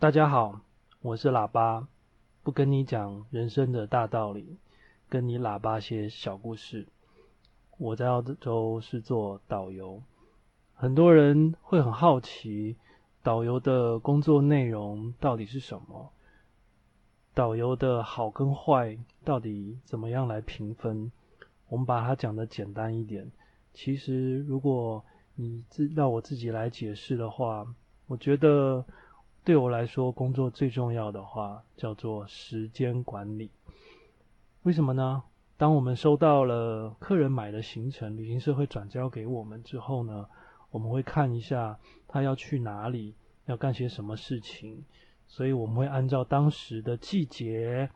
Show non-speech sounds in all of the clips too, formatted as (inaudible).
大家好，我是喇叭，不跟你講人生的大道理，跟你喇叭些小故事。我在澳洲是做導遊，很多人會很好奇導遊的工作內容到底是什麼？導遊的好跟壞到底怎麼樣來評分？我們把它講得簡單一點。其實如果你自要我自己來解釋的話，我覺得。對我來說，工作最重要的話叫做時間管理。為什麼呢？當我們收到了客人買的行程，旅行社會轉交給我們之後呢，我們會看一下他要去哪裡，要幹些什麼事情，所以我們會按照當時的季節，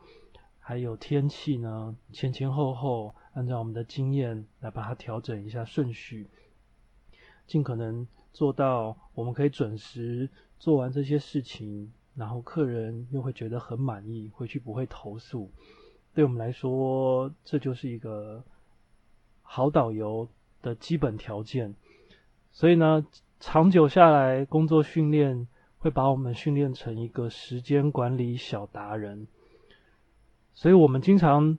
還有天氣呢，前前後後按照我們的經驗來把它調整一下順序，盡可能做到我們可以準時。做完這些事情，然後客人又會覺得很滿意，回去不會投訴。對我們來說，這就是一個好導遊的基本條件。所以呢，長久下來，工作訓練會把我們訓練成一個時間管理小達人。所以我們經常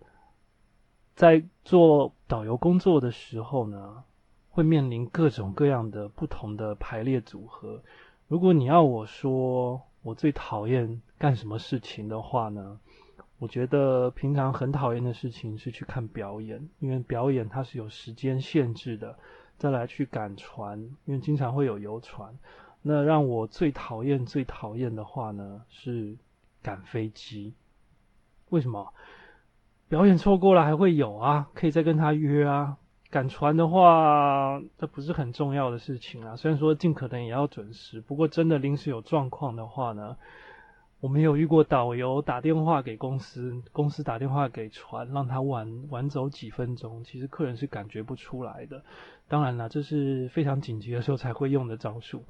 在做導遊工作的時候呢，會面臨各種各樣的不同的排列組合。如果你要我說我最討厭幹什麼事情的話呢？我覺得平常很討厭的事情是去看表演，因為表演它是有時間限制的。再來去趕船，因為經常會有遊船。那讓我最討厭、最討厭的話呢，是趕飛機。為什麼？表演錯過了還會有啊，可以再跟他約啊。趕船的話，這不是很重要的事情啊。雖然說儘可能也要準時，不過真的臨時有狀況的話呢，我們有遇過導遊打電話給公司，公司打電話給船，讓他晚晚走幾分鐘，其實客人是感覺不出來的。當然啦，這、就是非常緊急的時候才會用的招數。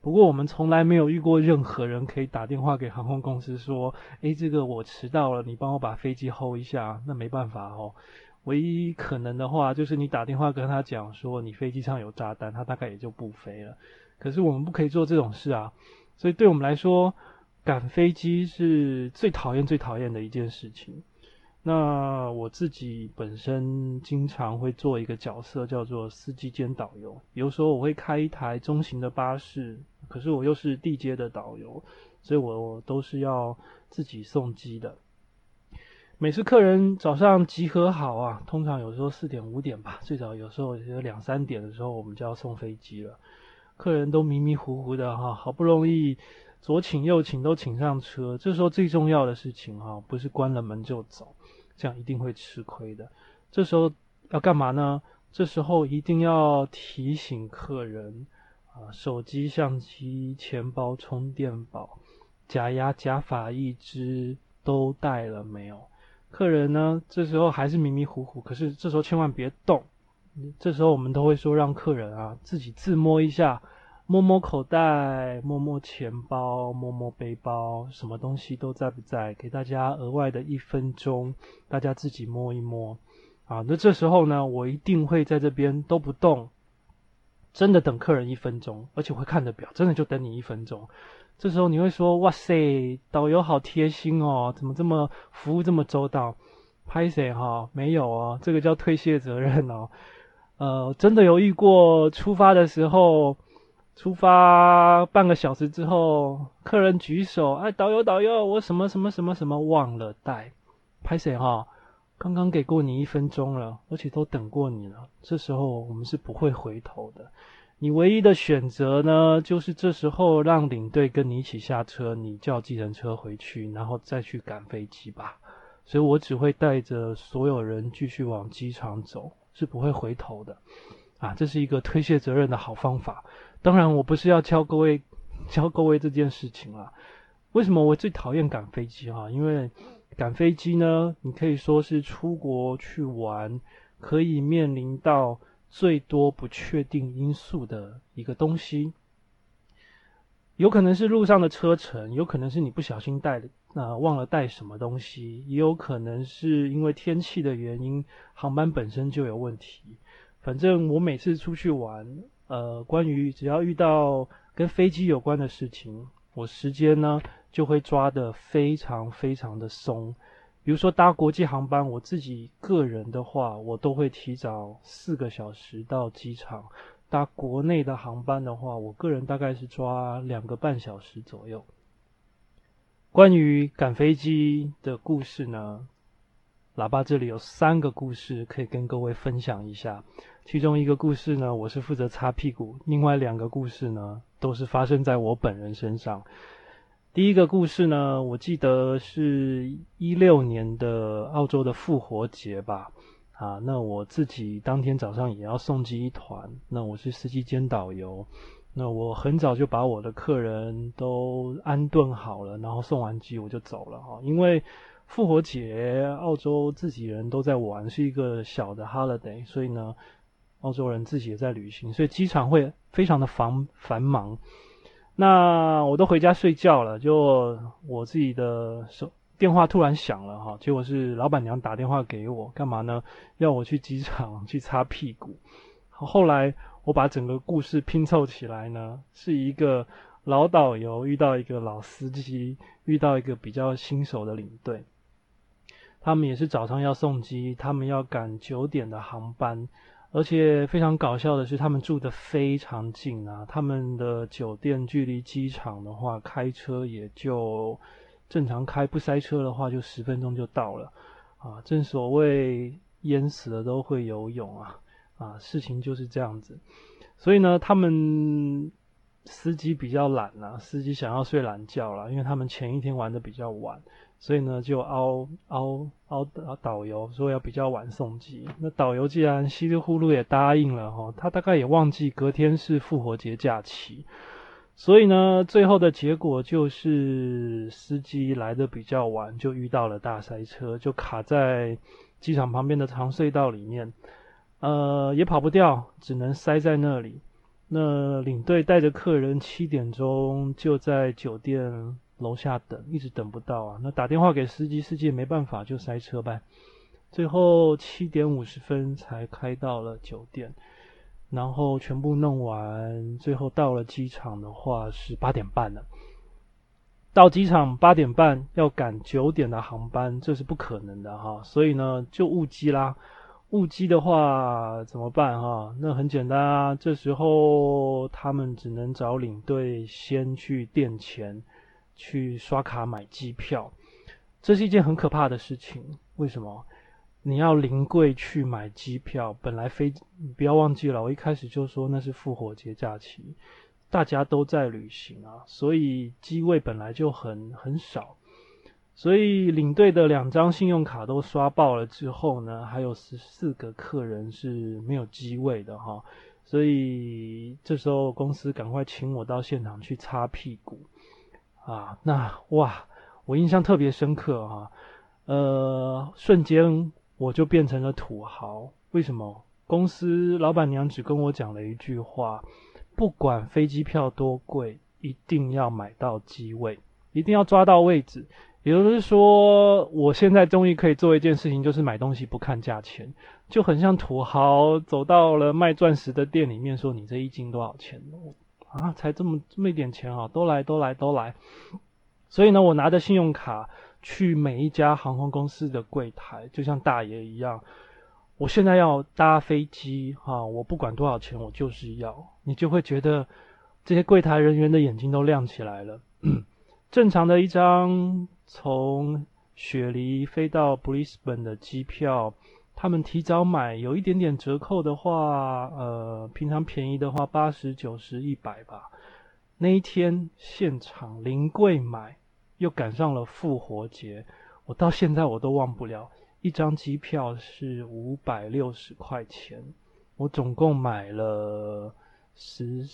不過我們從來沒有遇過任何人可以打電話給航空公司說：“誒，這個我遲到了，你幫我把飛機 hold 一下。”那沒辦法哦。唯一可能的話，就是你打電話跟他講說你飛機上有炸彈，他大概也就不飛了。可是我們不可以做這種事啊，所以對我們來說，趕飛機是最討厭、最討厭的一件事情。那我自己本身經常會做一個角色，叫做司機兼導遊。比如說，我會開一台中型的巴士，可是我又是地接的導遊，所以我我都是要自己送機的。每次客人早上集合好啊，通常有時候四點五點吧，最早有時候有兩三點的時候，我們就要送飛機了。客人都迷迷糊糊的哈，好不容易左請右請都請上車，這時候最重要的事情哈，不是關了門就走，這樣一定會吃虧的。這時候要幹嘛呢？這時候一定要提醒客人啊，手機、相機、錢包、充電寶、假牙、假髮一隻都帶了沒有？客人呢？這時候還是迷迷糊糊，可是這時候千萬別動。這時候我們都會說讓客人啊自己自摸一下，摸摸口袋，摸摸錢包，摸摸背包，什麼東西都在不在？給大家額外的一分鐘，大家自己摸一摸。啊，那這時候呢，我一定會在這邊都不動，真的等客人一分鐘，而且我會看着表，真的就等你一分鐘。這時候你會說：“哇塞，導遊好貼心哦，怎麼這麼服務這麼周到？”拍謝哈？沒有啊、哦，這個叫推卸責任哦。呃，真的有遇過出發的時候，出發半個小時之後，客人舉手：“哎，導遊，導遊，我什麼什麼什麼什麼忘了帶。”拍謝哈？剛剛給過你一分鐘了，而且都等過你了。這時候我們是不會回頭的。你唯一的選擇呢，就是這時候讓領隊跟你一起下車，你叫計程車回去，然後再去趕飛機吧。所以我只會帶着所有人繼續往機場走，是不會回頭的。啊，這是一個推卸責任的好方法。當然，我不是要教各位教各位這件事情啦。為什麼我最討厭趕飛機？哈，因為趕飛機呢，你可以說是出國去玩，可以面臨到。最多不確定因素的一個東西，有可能是路上的車程，有可能是你不小心帶那、呃、忘了帶什麼東西，也有可能是因為天氣的原因，航班本身就有問題。反正我每次出去玩，呃，關於只要遇到跟飛機有關的事情，我時間呢就會抓得非常非常的鬆。比如說搭國際航班，我自己個人的話，我都會提早四個小時到機場；搭國內的航班的話，我個人大概是抓兩個半小時左右。關於趕飛機的故事呢，喇叭這裡有三個故事可以跟各位分享一下。其中一個故事呢，我是負責擦屁股；另外兩個故事呢，都是發生在我本人身上。第一個故事呢，我記得是一六年的澳洲的復活節吧，啊，那我自己當天早上也要送機一團，那我是司機兼導遊，那我很早就把我的客人都安頓好了，然後送完機我就走了，因為復活節澳洲自己人都在玩，是一個小的 holiday，所以呢，澳洲人自己也在旅行，所以機場會非常的繁繁忙。那我都回家睡覺了，就我自己的手電話突然響了哈，結果是老闆娘打電話給我，幹嘛呢？要我去機場去擦屁股。後來我把整個故事拼湊起來呢，是一個老導遊遇到一個老司機，遇到一個比較新手的領隊，他們也是早上要送機，他們要趕九點的航班。而且非常搞笑的是，他們住得非常近啊，他們的酒店距離機場的話，開車也就正常開不塞車的話，就十分鐘就到了，啊，正所謂淹死了都會游泳啊，啊，事情就是這樣子，所以呢，他們司機比較懶啊，司機想要睡懶覺了啊，因為他們前一天玩得比較晚。所以呢，就凹凹凹啊，凹導遊說要比較晚送機。那導遊既然稀里呼嚕也答應了哈，他大概也忘記隔天是復活節假期。所以呢，最後的結果就是司機來的比較晚，就遇到了大塞車，就卡在機場旁邊的長隧道裡面。呃，也跑不掉，只能塞在那裡。那領隊帶着客人七點鐘就在酒店樓下等，一直等不到啊！那打電話給司機，司機也沒辦法，就塞車唄。最後七點五十分才開到了酒店，然後全部弄完，最後到了機場的話是八點半了。到機場八點半要趕九點的航班，這是不可能的哈！所以呢，就誤機啦。誤機的話怎麼辦哈？那很簡單啊，這時候他們只能找領隊先去墊錢。去刷卡買機票，這是一件很可怕的事情。為什麼？你要臨櫃去買機票，本來飛，不要忘記了，我一開始就說那是復活節假期，大家都在旅行啊，所以機位本來就很很少。所以領隊的兩張信用卡都刷爆了之後呢，還有十四個客人是沒有機位的哈。所以這時候公司趕快請我到現場去擦屁股。啊，那哇，我印象特別深刻哈，啊，呃，瞬間我就變成了土豪。為什麼？公司老闆娘只跟我講了一句話：不管飛機票多貴，一定要買到機位，一定要抓到位置。也就是說，我現在終於可以做一件事情，就是買東西不看價錢，就很像土豪走到了賣鑽石的店裡面，說：“你這一斤多少錢？”啊，才這麼這麼一點錢啊！都來都來都來，所以呢，我拿着信用卡去每一家航空公司的櫃檯，就像大爺一樣。我現在要搭飛機哈、啊，我不管多少錢，我就是要。你就會覺得這些櫃檯人員的眼睛都亮起來了。 (coughs) 正常的一張從雪梨飛到布里斯本的機票。他們提早買有一點點折扣的話，呃，平常便宜的話八十九十一百吧。那一天現場臨櫃買，又趕上了復活節，我到現在我都忘不了，一張機票是五百六十塊錢，我總共買了十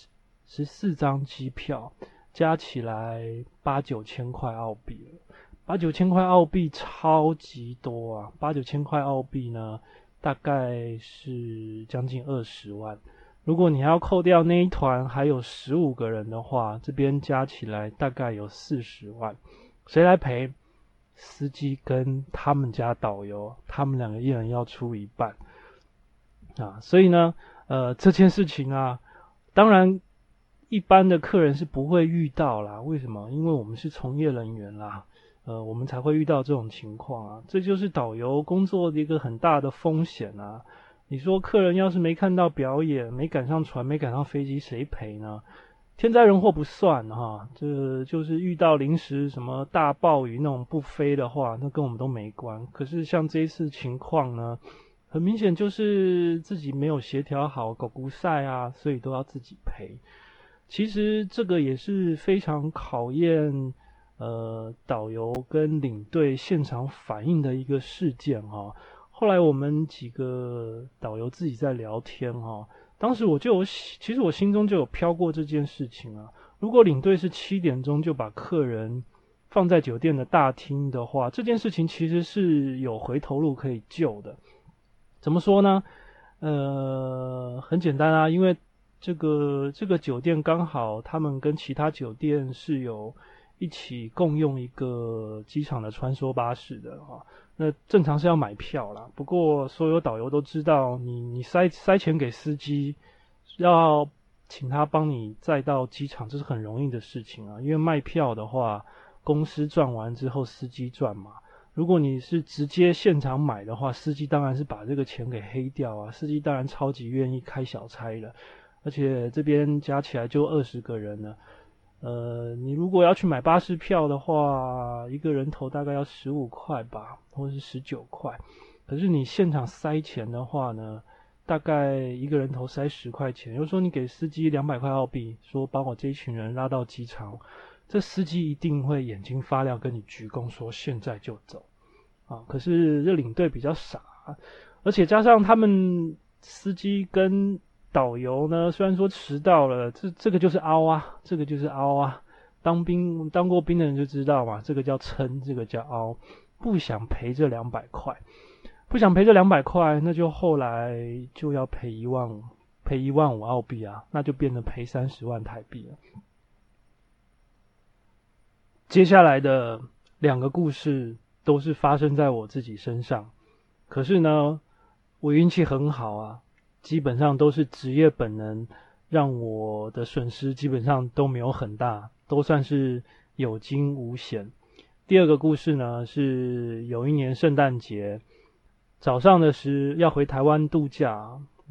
十四張機票，加起來八九千塊澳幣了。八九千塊澳幣超級多啊！八九千塊澳幣呢，大概是將近二十萬。如果你要扣掉那一團還有十五個人的話，這邊加起來大概有四十萬。誰來賠？司機跟他們家導遊，他們兩個一人要出一半。啊，所以呢，呃，這件事情啊，當然一般的客人是不會遇到啦。為什麼？因為我們是從業人員啦。呃，我們才會遇到這種情況啊！這就是導遊工作的一個很大的風險啊！你說，客人要是沒看到表演，沒趕上船，沒趕上飛機，誰賠呢？天災人禍不算哈、啊，這就是遇到臨時什麼大暴雨那種不飛的話，那跟我們都沒關。可是像這一次情況呢，很明顯就是自己沒有協調好，狗狗曬啊，所以都要自己賠。其實這個也是非常考驗。呃，導遊跟領隊現場反映的一個事件哈、啊，後來我們幾個導遊自己在聊天哈、啊，當時我就有，其實我心中就有飄過這件事情啊。如果領隊是七點鐘就把客人放在酒店的大廳的話，這件事情其實是有回頭路可以救的。怎麼說呢？呃，很簡單啊，因為這個這個酒店剛好他們跟其他酒店是有。一起共用一個機場的穿梭巴士的啊，那正常是要買票啦。不過所有導遊都知道你，你你塞塞錢給司機，要請他幫你載到機場，這是很容易的事情啊。因為賣票的話，公司賺完之後，司機賺嘛。如果你是直接現場買的話，司機當然是把這個錢給黑掉啊。司機當然超級願意開小差了，而且這邊加起來就二十個人了。呃，你如果要去買巴士票的話，一個人頭大概要十五塊吧，或者是十九塊。可是你現場塞錢的話呢，大概一個人頭塞十塊錢。又、就是、說你給司機兩百塊澳幣，說把我這一群人拉到機場，這司機一定會眼睛發亮，跟你鞠躬說現在就走。啊，可是這領隊比較傻，而且加上他們司機跟。導遊呢？雖然說遲到了，這這個就是凹啊，這個就是凹啊。當兵當過兵的人就知道嘛，這個叫撐，這個叫凹。不想賠這兩百塊，不想賠這兩百塊，那就後來就要賠一萬，賠一萬五澳幣啊，那就變成賠三十萬台幣了。接下來的兩個故事都是發生在我自己身上，可是呢，我運氣很好啊。基本上都是職業本能，讓我的損失基本上都沒有很大，都算是有驚無險。第二個故事呢，是有一年聖誕節早上的時要回台灣度假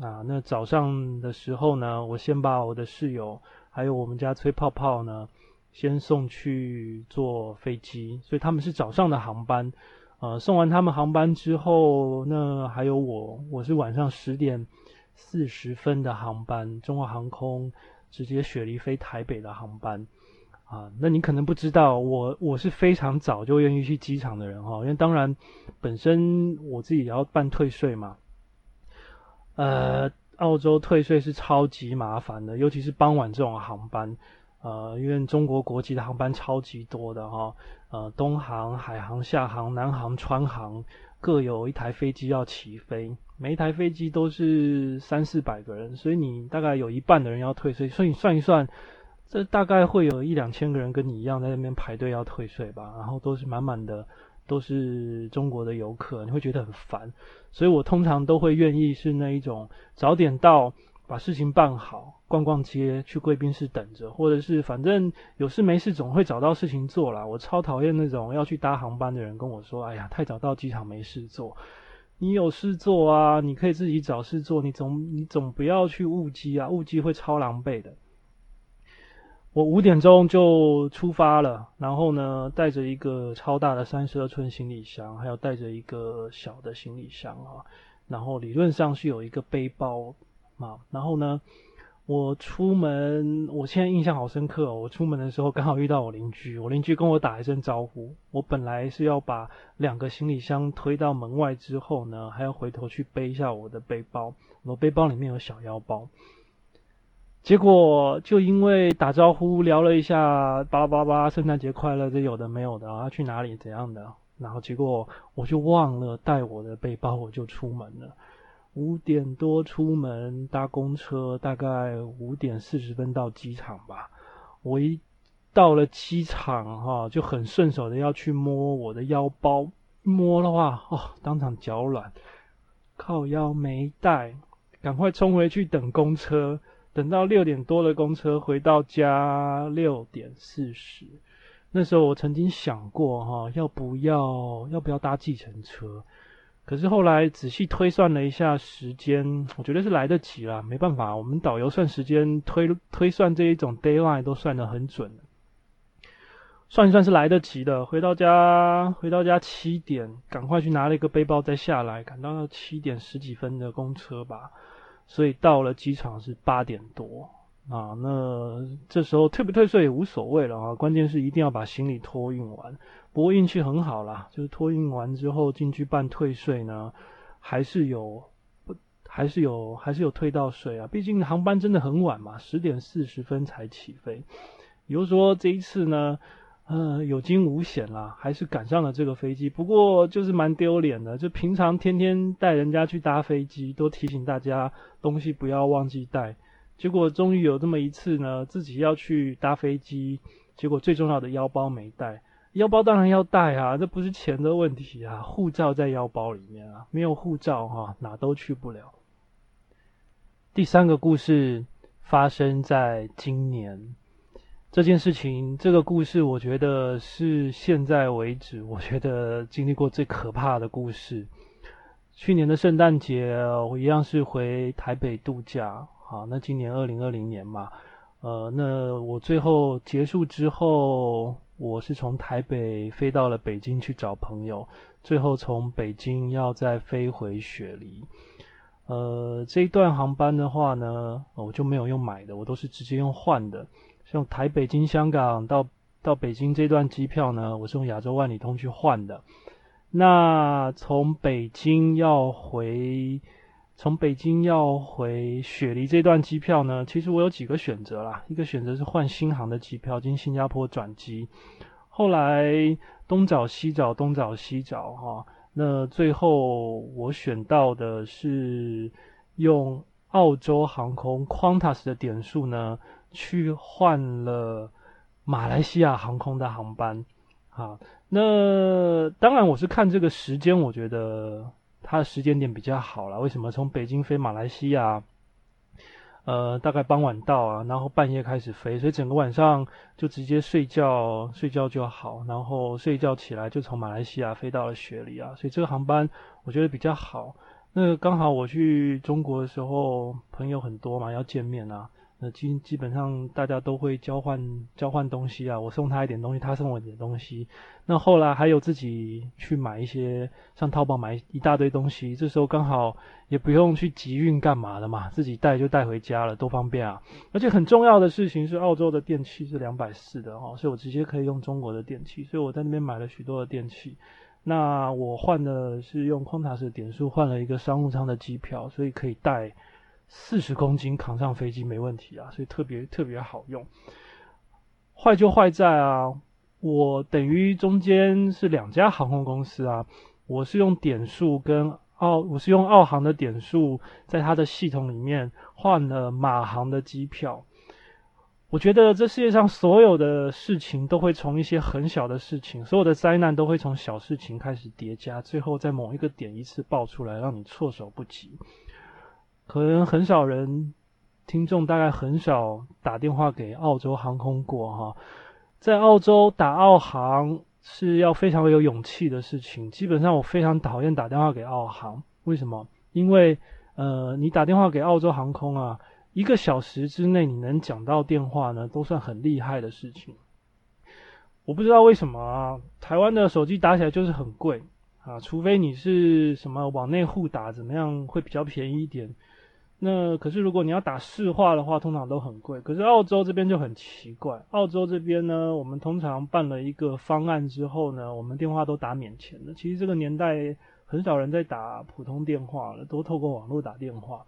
啊，那早上的時候呢，我先把我的室友還有我們家吹泡泡呢，先送去坐飛機，所以他們是早上的航班。呃，送完他們航班之後，那還有我，我是晚上十點。四十分的航班，中華航空直接雪梨飛台北的航班，啊，那你可能不知道，我我是非常早就願意去機場的人哈，因為當然本身我自己也要辦退稅嘛，呃，澳洲退稅是超級麻煩的，尤其是傍晚這種航班，呃，因為中國國籍的航班超級多的哈，呃，東航、海航、廈航、南航、川航各有一台飛機要起飛。每一台飛機都是三四百個人，所以你大概有一半的人要退稅，所以你算一算，這大概會有一兩千個人跟你一樣在那邊排隊要退稅吧。然後都是滿滿的，都是中國的遊客，你會覺得很煩。所以我通常都會願意是那一種早點到，把事情辦好，逛逛街，去貴賓室等着，或者是反正有事沒事總會找到事情做啦。我超討厭那種要去搭航班的人跟我說：“哎呀，太早到機場沒事做。”你有事做啊，你可以自己找事做，你總你總不要去誤機啊，誤機會超狼狽的。我五點鐘就出發了，然後呢，帶着一個超大的三十二寸行李箱，還有帶着一個小的行李箱啊，然後理論上是有一個背包啊，然後呢。我出門，我現在印象好深刻哦。我出門的時候剛好遇到我鄰居，我鄰居跟我打一聲招呼。我本來是要把兩個行李箱推到門外之後呢，還要回頭去背一下我的背包。我背包裡面有小腰包。結果就因為打招呼聊了一下，巴拉巴拉巴，聖誕節快樂，這有的沒有的，啊，去哪裡怎樣的，然後結果我就忘了帶我的背包，我就出門了。五點多出門搭公車，大概五點四十分到機場吧。我一到了機場哈、啊，就很順手的要去摸我的腰包，摸的話哦，當場腳軟，靠腰沒帶，趕快衝回去等公車。等到六點多的公車，回到家六點四十。那時候我曾經想過哈、啊，要不要要不要搭計程車？可是後來仔細推算了一下時間，我覺得是來得及了。沒辦法，我們導遊算時間推推算這一種 deadline 都算得很準。算一算是來得及的。回到家回到家七點，趕快去拿了一個背包再下來，趕到了七點十幾分的公車吧，所以到了機場是八點多。啊，那這時候退不退稅也無所謂了啊，關鍵是一定要把行李托運完。不過運氣很好啦，就是托運完之後進去辦退稅呢，還是有不，還是有，還是有退到稅啊。畢竟航班真的很晚嘛，十點四十分才起飛。比如說這一次呢，呃，有驚無險啦，還是趕上了這個飛機。不過就是蠻丟臉的，就平常天天帶人家去搭飛機，都提醒大家東西不要忘記帶。結果終於有這麼一次呢，自己要去搭飛機，結果最重要的腰包沒帶。腰包當然要帶啊，這不是錢的問題啊，護照在腰包裡面啊，沒有護照哈，哪都去不了。第三個故事發生在今年，這件事情這個故事，我覺得是現在為止，我覺得經歷過最可怕的故事。去年的聖誕節，我一樣是回台北度假。好，那今年二零二零年嘛，呃，那我最後結束之後，我是從台北飛到了北京去找朋友，最後從北京要再飛回雪梨。呃，這一段航班的話呢，我就沒有用買的，我都是直接用換的。像台北經香港到到北京這段機票呢，我是用亞洲萬里通去換的。那從北京要回。從北京要回雪梨這段機票呢，其實我有幾個選擇啦。一個選擇是換新航的機票，經新加坡轉機。後來東找西找，東找西找，哈、啊。那最後我選到的是用澳洲航空 Qantas 的點數呢，去換了馬來西亞航空的航班。啊，那當然我是看這個時間，我覺得。他的時間點比較好了，為什麼？從北京飛馬來西亞，呃，大概傍晚到啊，然後半夜開始飛，所以整個晚上就直接睡覺，睡覺就好，然後睡覺起來就從馬來西亞飛到了雪梨啊，所以這個航班我覺得比較好。那個剛好我去中國的時候，朋友很多嘛，要見面啊。那基基本上，大家都會交換交換東西啊，我送他一點東西，他送我一點東西。那後來還有自己去買一些，上淘寶買一大堆東西。這時候剛好也不用去集運幹嘛的嘛，自己帶就帶回家了，多方便啊！而且很重要的事情是，澳洲的電器是兩百四的哦，所以我直接可以用中國的電器。所以我在那邊買了許多的電器。那我換的是用 Qantas 點數換了一個商務艙的機票，所以可以帶。四十公斤扛上飛機沒問題啊，所以特別特別好用。壞就壞在啊，我等於中間是兩家航空公司啊，我是用點數跟澳，我是用澳航的點數，在它的系統裡面換了馬航的機票。我覺得這世界上所有的事情都會從一些很小的事情，所有的災難都會從小事情開始疊加，最後在某一個點一次爆出來，讓你措手不及。可能很少人，聽眾大概很少打電話給澳洲航空過哈。在澳洲打澳航是要非常有勇氣的事情。基本上我非常討厭打電話給澳航，為什麼？因為呃，你打電話給澳洲航空啊，一個小時之內你能講到電話呢，都算很厲害的事情。我不知道為什麼啊，台灣的手機打起來就是很貴啊，除非你是什麼網內互打，怎麼樣會比較便宜一點。那可是如果你要打市話的話，通常都很貴。可是澳洲這邊就很奇怪，澳洲這邊呢，我們通常辦了一個方案之後呢，我們電話都打免錢的。其實這個年代很少人在打普通電話了，都透過網絡打電話，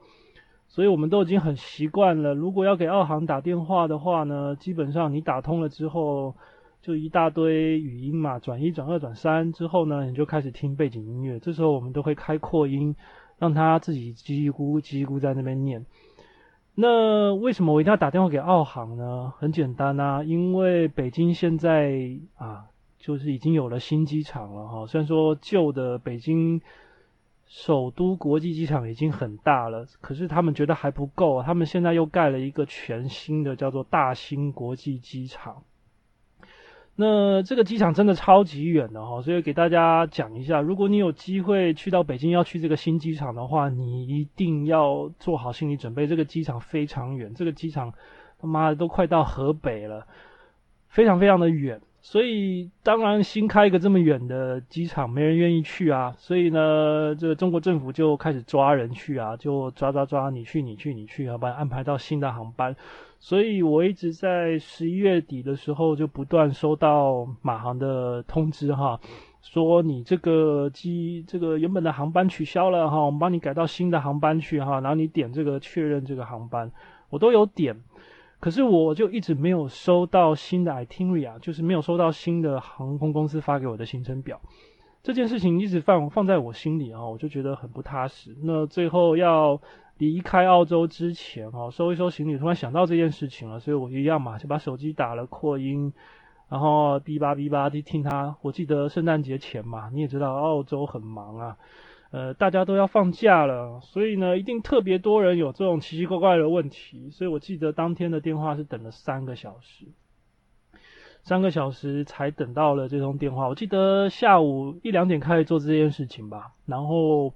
所以我們都已經很習慣了。如果要給澳航打電話的話呢，基本上你打通了之後，就一大堆語音嘛，轉一轉二轉三之後呢，你就開始聽背景音樂。這時候我們都會開擴音。讓他自己嘰嘰咕咕嘰嘰咕在那邊念。那為什麼我一定要打電話給澳航呢？很簡單啊，因為北京現在啊，就是已經有了新機場了哈。雖然說舊的北京首都國際機場已經很大了，可是他們覺得還不夠，他們現在又蓋了一個全新的，叫做大興國際機場。那這個機場真的超級遠的哈，哦，所以給大家講一下，如果你有機會去到北京要去這個新機場的話，你一定要做好心理準備，這個機場非常遠，這個機場他媽的都快到河北了，非常非常的遠。所以當然新開一個這麼遠的機場，沒人願意去啊。所以呢，這個中國政府就開始抓人去啊，就抓抓抓，你去你去你去，好吧，安排到新的航班。所以我一直在十一月底的時候就不斷收到馬航的通知哈，說你這個機這個原本的航班取消了哈，我們幫你改到新的航班去哈，然後你點這個確認這個航班，我都有點，可是我就一直沒有收到新的 i t i n e r a 就是沒有收到新的航空公司發給我的行程表，這件事情一直放放在我心裡啊，我就覺得很不踏實。那最後要。離開澳洲之前，哦，哈，收一收行李，突然想到這件事情了，所以我一樣嘛，就把手機打了擴音，然後嗶吧嗶吧地聽他。我記得聖誕節前嘛，你也知道澳洲很忙啊，呃，大家都要放假了，所以呢，一定特別多人有這種奇奇怪怪的問題，所以我記得當天的電話是等了三個小時，三個小時才等到了這通電話。我記得下午一兩點開始做這件事情吧，然後。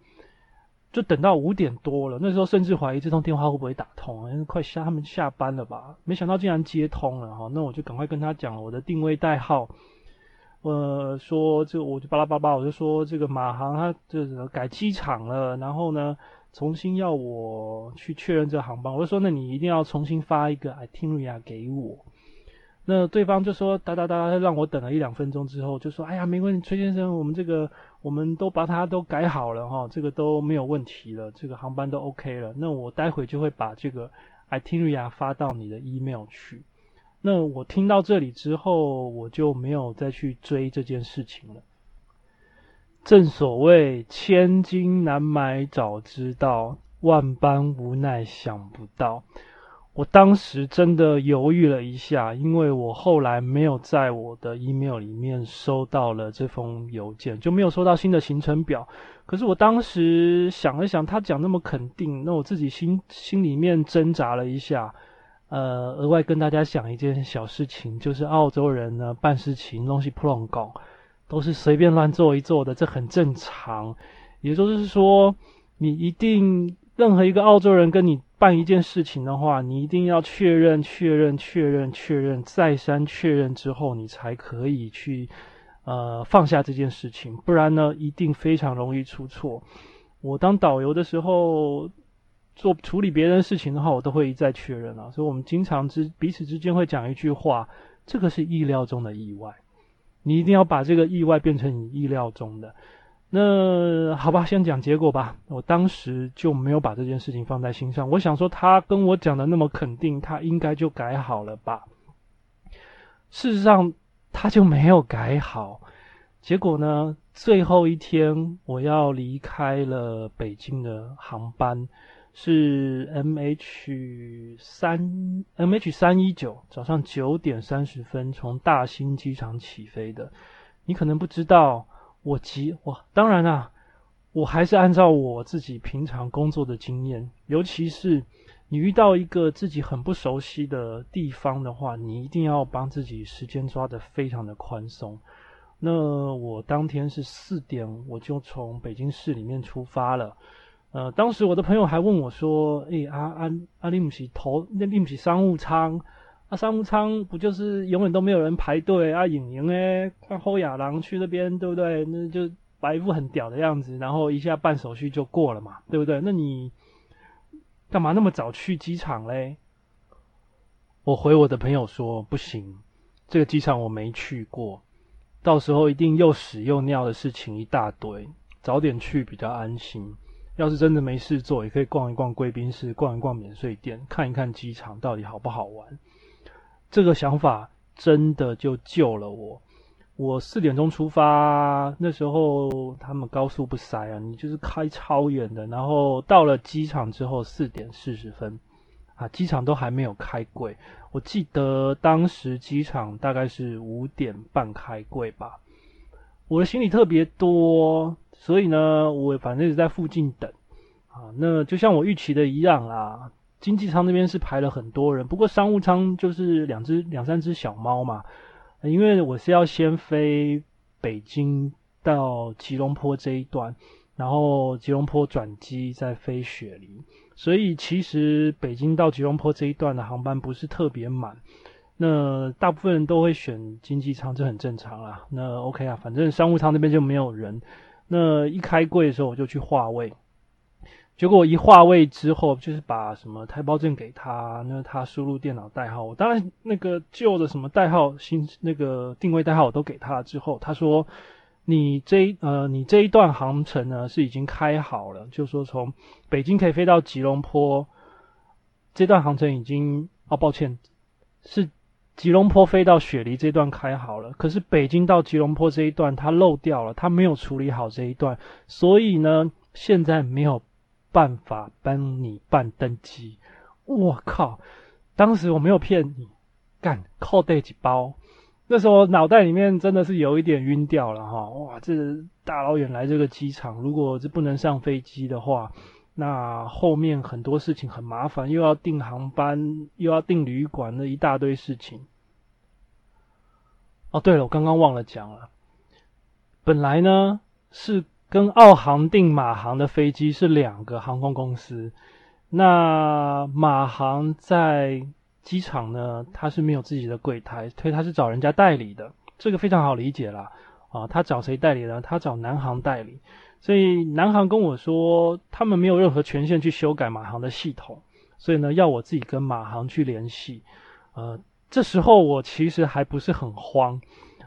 就等到五點多了，那時候甚至懷疑這通電話會不會打通，因為快下他們下班了吧？沒想到竟然接通了哈，那我就趕快跟他講我的定位代號，呃，說就我就巴拉巴拉，我就說這個馬航他就是改機場了，然後呢，重新要我去確認這航班，我就說那你一定要重新發一個 itinerary 給我，那對方就說噠噠噠，打打打，他讓我等了一兩分鐘之後就說，哎呀沒關係，崔先生，我們這個。我們都把它都改好了哈，這個都沒有問題了，這個航班都 OK 了。那我待會就會把這個 itinerary 發到你的 email 去。那我聽到這裡之後，我就沒有再去追這件事情了。正所謂千金難買早知道，萬般無奈想不到。我當時真的猶豫了一下，因為我後來沒有在我的 email 裡面收到了這封郵件，就沒有收到新的行程表。可是我當時想了想，他講那麼肯定，那我自己心心裡面掙扎了一下。呃，額外跟大家講一件小事情，就是澳洲人呢辦事情東西普朗哥都是隨便亂做一做的，這很正常。也就是說，你一定任何一個澳洲人跟你。辦一件事情的話，你一定要確認、確認、確認、確認，再三確認之後，你才可以去，呃，放下這件事情。不然呢，一定非常容易出錯。我當導遊的時候，做處理別人的事情的話，我都會一再確認啊。所以，我們經常之彼此之間會講一句話：這個是意料中的意外。你一定要把這個意外變成你意料中的。那好吧，先講結果吧。我當時就沒有把這件事情放在心上。我想說，他跟我講的那麼肯定，他應該就改好了吧。事實上，他就沒有改好。結果呢，最後一天我要離開了北京的航班，是 MH3，MH319，早上九點三十分從大興機場起飛的。你可能不知道。我急，我當然啦、啊，我還是按照我自己平常工作的經驗，尤其是你遇到一個自己很不熟悉的地方的話，你一定要幫自己時間抓得非常的寬鬆。那我當天是四點，我就從北京市裡面出發了。呃，當時我的朋友還問我說：“哎、欸，阿阿阿利姆西頭那利姆西商務艙。”啊、商務艙不就是永遠都沒有人排隊啊？影影哎，看後亞郎去那邊，對不對？那就擺一副很屌的樣子，然後一下辦手續就過了嘛，對不對？那你幹嘛那麼早去機場嘞？我回我的朋友說，不行，這個機場我沒去過，到時候一定又屎又尿的事情一大堆，早點去比較安心。要是真的沒事做，也可以逛一逛貴賓室，逛一逛免稅店，看一看機場到底好不好玩。這個想法真的就救了我。我四點鐘出發，那時候他們高速不塞啊，你就是開超遠的。然後到了機場之後四點四十分，啊，機場都還沒有開櫃。我記得當時機場大概是五點半開櫃吧。我的行李特別多，所以呢，我反正是在附近等。啊，那就像我預期的一樣啦。經濟艙那邊是排了很多人，不過商務艙就是兩隻兩三隻小貓嘛，因為我是要先飛北京到吉隆坡這一段，然後吉隆坡轉機再飛雪梨，所以其實北京到吉隆坡這一段的航班不是特別滿，那大部分人都會選經濟艙，這很正常啦。那 OK 啊，反正商務艙那邊就沒有人，那一開櫃的時候我就去劃位。結果一劃位之後，就是把什麼台胞證給他，那他輸入電腦代號。我當然那個舊的什麼代號，新那個定位代號我都給他了之後，他說：“你這呃，你這一段航程呢是已經開好了，就說從北京可以飛到吉隆坡，這段航程已經啊、哦，抱歉，是吉隆坡飛到雪梨這一段開好了，可是北京到吉隆坡這一段他漏掉了，他沒有處理好這一段，所以呢，現在沒有。”辦法幫你辦登機，我靠！當時我沒有騙你，幹，褲底一包。那時候腦袋裡面真的是有一點暈掉了哈！哇，這大老遠來這個機場，如果是不能上飛機的話，那後面很多事情很麻煩，又要訂航班，又要訂旅館的一大堆事情。哦，對了，我剛剛忘了講了，本來呢是。跟澳航訂馬航的飛機是兩個航空公司，那馬航在機場呢，他是沒有自己的櫃檯，所以他是找人家代理的，這個非常好理解啦。啊，呃，他找誰代理呢？他找南航代理，所以南航跟我說他們沒有任何權限去修改馬航的系統，所以呢，要我自己跟馬航去聯繫。呃，這時候我其實還不是很慌。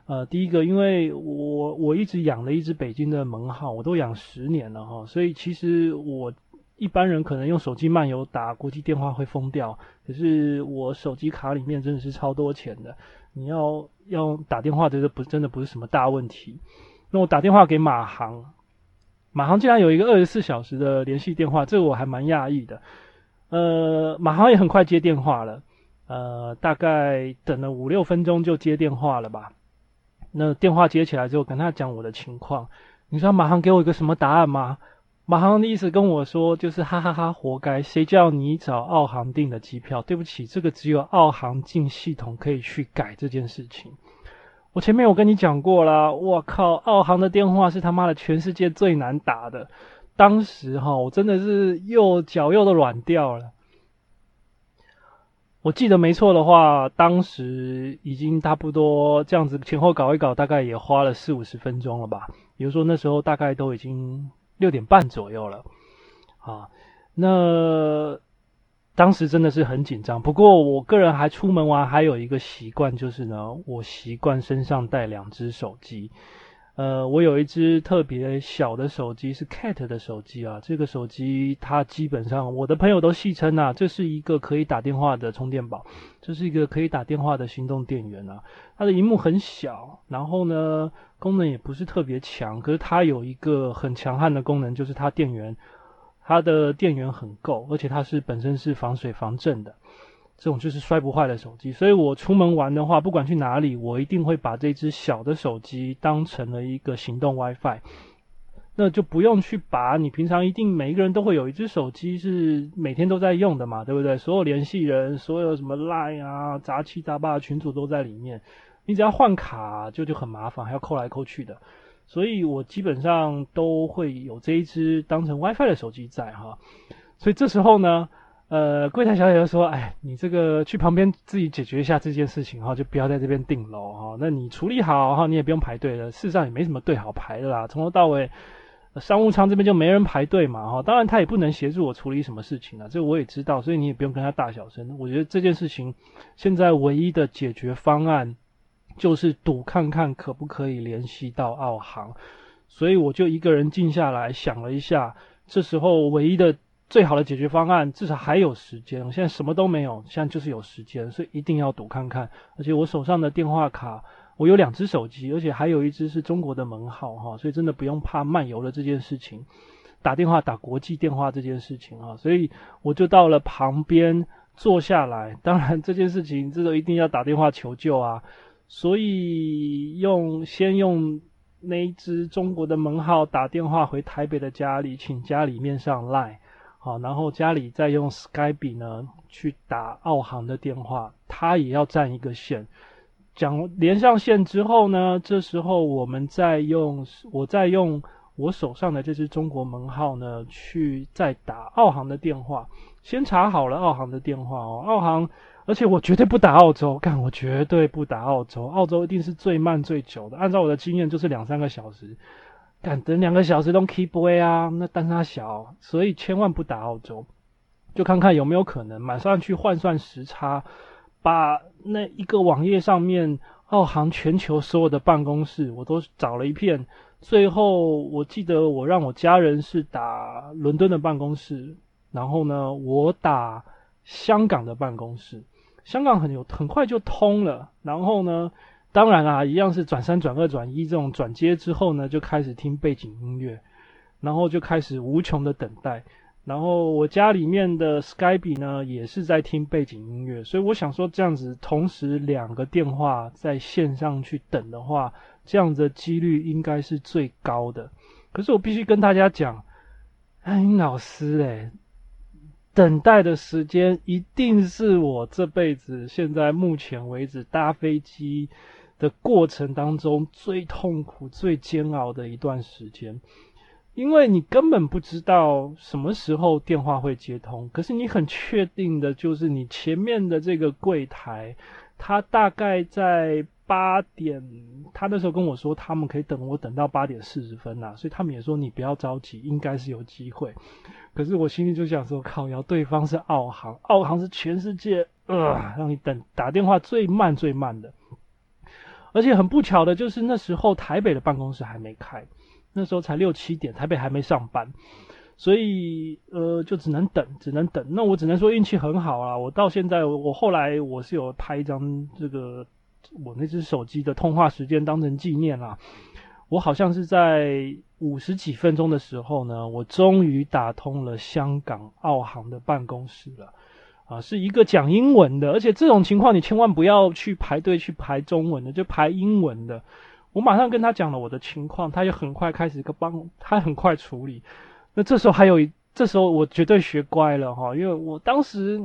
呃，第一個，因為我我一直養了一隻北京的門號，我都養十年了哈，所以其實我一般人可能用手機漫遊打國際電話會瘋掉，可是我手機卡裡面真的是超多錢的，你要要打電話這個不真的不是什麼大問題。那我打電話給馬航，馬航竟然有一個二十四小時的聯繫電話，這個我還蠻訝異的。呃，馬航也很快接電話了，呃，大概等了五六分鐘就接電話了吧。那電話接起來之後，跟他講我的情況，你知道馬航給我一個什麼答案嗎？馬航的意思跟我說就是哈哈哈，哈活，活該，誰叫你找澳航訂的機票？對不起，這個只有澳航進系統可以去改這件事情。我前面我跟你講過啦，我靠，澳航的電話是他媽的全世界最難打的，當時哈，我真的是又腳又都軟掉了。我記得沒錯的話，當時已經差不多這樣子前後搞一搞，大概也花了四五十分鐘了吧。比如說那時候大概都已經六點半左右了，啊，那當時真的是很緊張。不過我個人還出門玩，還有一個習慣就是呢，我習慣身上帶兩支手機。呃，我有一支特別小的手機，是 Cat 的手機啊。這個手機它基本上，我的朋友都戲稱吶，這是一個可以打電話的充電寶，這是一個可以打電話的行動電源啊。它的熒幕很小，然後呢，功能也不是特別強，可是它有一個很強悍的功能，就是它電源，它的電源很夠，而且它是本身是防水防震的。這種就是摔不壞的手機，所以我出門玩的話，不管去哪裡，我一定會把這隻小的手機當成了一個行動 WiFi，那就不用去拔。你平常一定每一個人都會有一隻手機是每天都在用的嘛，對不對？所有聯繫人、所有什麼 Line 啊、雜七雜八的群組都在裡面，你只要換卡啊，就就很麻煩，還要扣來扣去的。所以我基本上都會有這一隻當成 WiFi 的手機在哈，所以這時候呢。呃，櫃檯小姐就說：“哎，你這個去旁邊自己解決一下這件事情哈，就不要在這邊頂樓哈。那你處理好哈，你也不用排隊了。事實上也沒什麼隊好排的啦，從頭到尾商務艙這邊就沒人排隊嘛哈。當然，他也不能協助我處理什麼事情啊，這個我也知道，所以你也不用跟他大小聲。我覺得這件事情現在唯一的解決方案就是賭看看可不可以聯繫到澳航。所以我就一個人靜下來想了一下，這時候唯一的。”最好的解決方案，至少還有時間。我現在什麼都沒有，現在就是有時間，所以一定要賭看看。而且我手上的電話卡，我有兩隻手機，而且還有一隻是中國的門號哈，所以真的不用怕漫遊的這件事情，打電話打國際電話這件事情啊。所以我就到了旁邊坐下來。當然這件事情，這都一定要打電話求救啊。所以用先用那一隻中國的門號打電話回台北的家裡，請家裡面上 Line。好，然後家裡再用 Skype 呢去打澳航的電話，他也要占一個線。講連上線之後呢，這時候我們再用，我再用我手上的這隻中國門號呢去再打澳航的電話，先查好了澳航的電話哦，澳航，而且我絕對不打澳洲，幹我絕對不打澳洲，澳洲一定是最慢最久的，按照我的經驗就是兩三個小時。等兩個小時都 key boy 啊，那是差小，所以千萬不打澳洲，就看看有沒有可能。馬上去換算時差，把那一個網頁上面澳航全球所有的辦公室我都找了一遍，最後我記得我讓我家人是打倫敦的辦公室，然後呢我打香港的辦公室，香港很有很快就通了，然後呢。當然啊，一樣是轉三轉二轉一，這種轉接之後呢，就開始聽背景音樂，然後就開始無窮的等待。然後我家裡面的 Skype 呢也是在聽背景音樂，所以我想說這樣子同時兩個電話在線上去等的話，這樣子的幾率應該是最高的。可是我必須跟大家講，安老師哎、欸，等待的時間一定是我這輩子現在目前為止搭飛機的過程當中最痛苦、最煎熬的一段時間，因為你根本不知道什麼時候電話會接通，可是你很確定的就是你前面的這個櫃檯，他大概在八點，他那時候跟我說他們可以等我等到八點四十分吶、啊，所以他們也說你不要着急，應該是有機會。可是我心裡就想說，靠夭，對方是澳航，澳航是全世界呃讓你等打電話最慢、最慢的。而且很不巧的就是那時候台北的辦公室還沒開，那時候才六七點，台北還沒上班，所以呃就只能等，只能等。那我只能說運氣很好啦！我到現在我後來我是有拍一張這個我那支手機的通話時間當成紀念啦。我好像是在五十幾分鐘的時候呢，我終於打通了香港澳航的辦公室了。啊，是一個講英文的，而且這種情況你千萬不要去排隊，去排中文的，就排英文的。我馬上跟他講了我的情況，他也很快開始一個幫他很快處理。那這時候還有一，這時候我絕對學乖了哈，因為我當時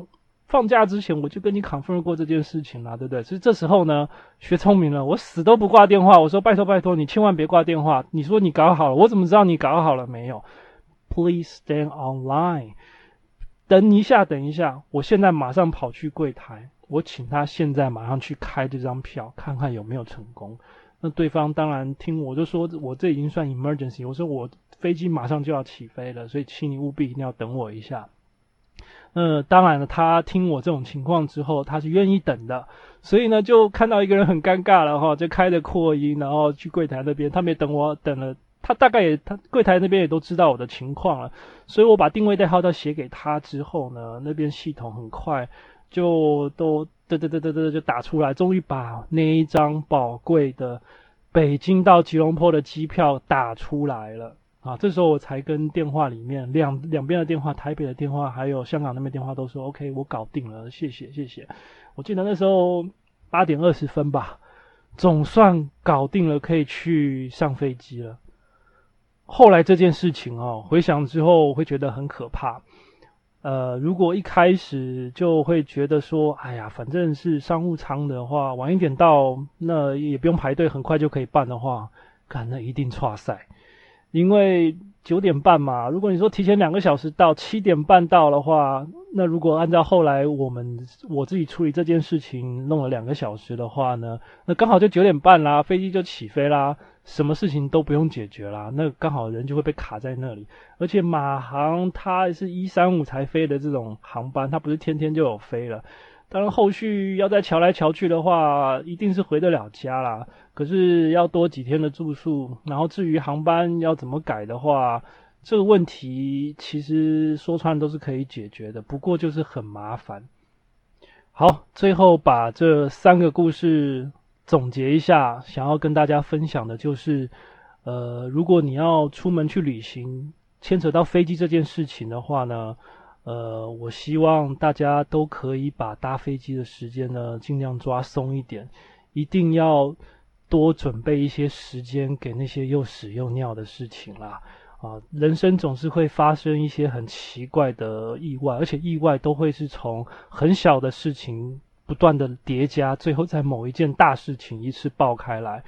放假之前我就跟你 confirm 過這件事情啦，對不對？所以這時候呢，學聰明了，我死都不掛電話。我說拜托拜托你，你千萬別掛電話。你說你搞好了，我怎麼知道你搞好了沒有？Please stand online。等一下，等一下，我現在馬上跑去櫃檯，我請他現在馬上去開這張票，看看有沒有成功。那對方當然聽我就說，我這已經算 emergency，我說我飛機馬上就要起飛了，所以請你務必一定要等我一下。那、呃、當然了，他聽我這種情況之後，他是願意等的，所以呢，就看到一個人很尷尬了哈、哦，就開着擴音，然後去櫃檯那邊，他們也等我等了。他大概也，他櫃檯那邊也都知道我的情況了，所以我把定位代號都寫給他之後呢，那邊系統很快就都對對對對對，就打出來，終於把那一張寶貴的北京到吉隆坡的機票打出來了啊！這時候我才跟電話裡面兩兩邊的電話，台北的電話還有香港那邊電話都說 OK，我搞定了，謝謝謝謝。我記得那時候八點二十分吧，總算搞定了，可以去上飛機了。後來這件事情啊、哦，回想之後我會覺得很可怕。呃，如果一開始就會覺得說，哎呀，反正是商務艙的話，晚一點到，那也不用排隊，很快就可以辦的話，乾，那一定剉賽。因為九點半嘛，如果你說提前兩個小時到，七點半到的話，那如果按照後來我們我自己處理這件事情，弄了兩個小時的話呢，那剛好就九點半啦，飛機就起飛啦。什麼事情都不用解決了，那剛好人就會被卡在那裡。而且馬航它是一三五才飛的這種航班，它不是天天就有飛了。當然後續要再喬來喬去的話，一定是回得了家啦。可是要多幾天的住宿，然後至於航班要怎麼改的話，這個問題其實說穿都是可以解決的，不過就是很麻煩。好，最後把這三個故事。總結一下，想要跟大家分享的就是，呃，如果你要出門去旅行，牽扯到飛機這件事情的話呢，呃，我希望大家都可以把搭飛機的時間呢，儘量抓鬆一點，一定要多準備一些時間給那些又屎又尿的事情啦。啊、呃，人生總是會發生一些很奇怪的意外，而且意外都會是從很小的事情。不斷的疊加，最後在某一件大事情一次爆開來。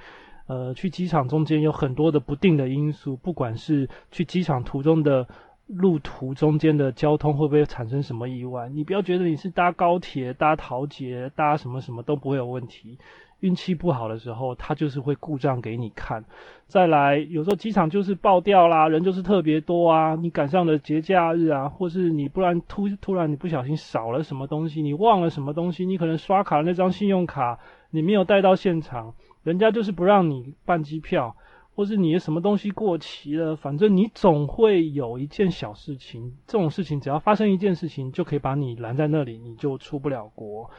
呃，去機場中間有很多的不定的因素，不管是去機場途中的路途中間的交通會不會產生什麼意外，你不要覺得你是搭高鐵、搭桃捷、搭什麼什麼都不會有問題。運氣不好的時候，他就是會故障給你看。再來，有時候機場就是爆掉啦，人就是特別多啊。你趕上了節假日啊，或是你不然突突然你不小心少了什麼東西，你忘了什麼東西，你可能刷卡的那張信用卡你沒有帶到現場，人家就是不讓你辦機票，或是你什麼東西過期了，反正你總會有一件小事情。這種事情只要發生一件事情，就可以把你攔在那裡，你就出不了國。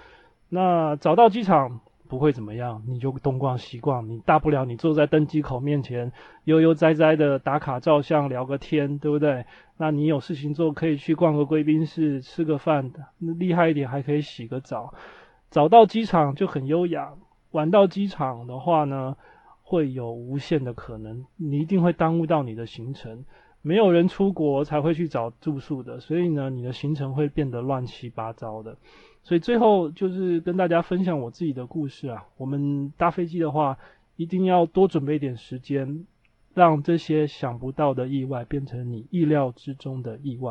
那找到機場，不會怎麼樣，你就東逛西逛，你大不了你坐在登機口面前悠悠哉哉的打卡照相聊個天，對不對？那你有事情做，可以去逛個貴賓室吃個飯，那厲害一點還可以洗個澡。早到機場就很優雅，晚到機場的話呢，會有無限的可能。你一定會耽誤到你的行程，沒有人出國才會去找住宿的，所以呢，你的行程會變得亂七八糟的。所以最後就是跟大家分享我自己的故事啊，我們搭飛機的話，一定要多準備一點時間，讓這些想不到的意外變成你意料之中的意外。